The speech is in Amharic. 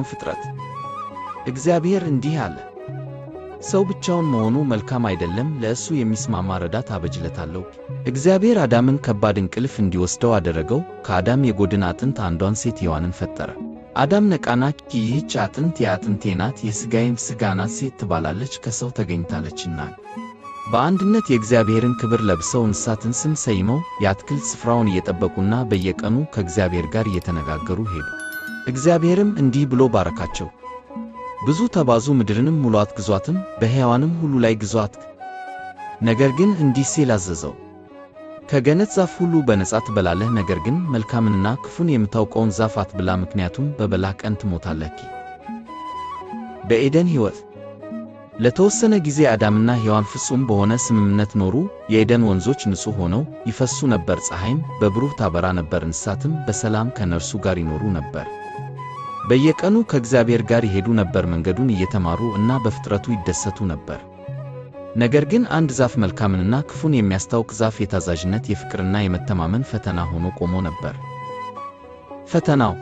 ሌላውን ፍጥረት። እግዚአብሔር እንዲህ አለ፣ ሰው ብቻውን መሆኑ መልካም አይደለም፣ ለእሱ የሚስማማ ረዳት አበጅለታለሁ። እግዚአብሔር አዳምን ከባድ እንቅልፍ እንዲወስደው አደረገው። ከአዳም የጎድን አጥንት አንዷን ሴት ሔዋንን ፈጠረ። አዳም ነቃና ይህች አጥንት የአጥንቴ ናት፣ የሥጋዬም ሥጋ ናት፣ ሴት ትባላለች ከሰው ተገኝታለችና። በአንድነት የእግዚአብሔርን ክብር ለብሰው እንስሳትን ስም ሰይመው የአትክልት ስፍራውን እየጠበቁና በየቀኑ ከእግዚአብሔር ጋር እየተነጋገሩ ሄዱ። እግዚአብሔርም እንዲህ ብሎ ባረካቸው፣ ብዙ ተባዙ፣ ምድርንም ሙሏት፣ ግዟትም፣ በሕያዋንም ሁሉ ላይ ግዟት። ነገር ግን እንዲህ ሲል አዘዘው፣ ከገነት ዛፍ ሁሉ በነጻ ትበላለህ፣ ነገር ግን መልካምንና ክፉን የምታውቀውን ዛፍ አትብላ፣ ምክንያቱም በበላህ ቀን ትሞታለህ። በኤደን ሕይወት ለተወሰነ ጊዜ አዳምና ሔዋን ፍጹም በሆነ ስምምነት ኖሩ። የኤደን ወንዞች ንጹሕ ሆነው ይፈሱ ነበር፣ ፀሐይም በብሩህ ታበራ ነበር፣ እንስሳትም በሰላም ከነርሱ ጋር ይኖሩ ነበር። በየቀኑ ከእግዚአብሔር ጋር ይሄዱ ነበር፣ መንገዱን እየተማሩ እና በፍጥረቱ ይደሰቱ ነበር። ነገር ግን አንድ ዛፍ መልካምንና ክፉን የሚያስታውቅ ዛፍ የታዛዥነት፣ የፍቅርና የመተማመን ፈተና ሆኖ ቆሞ ነበር። ፈተናው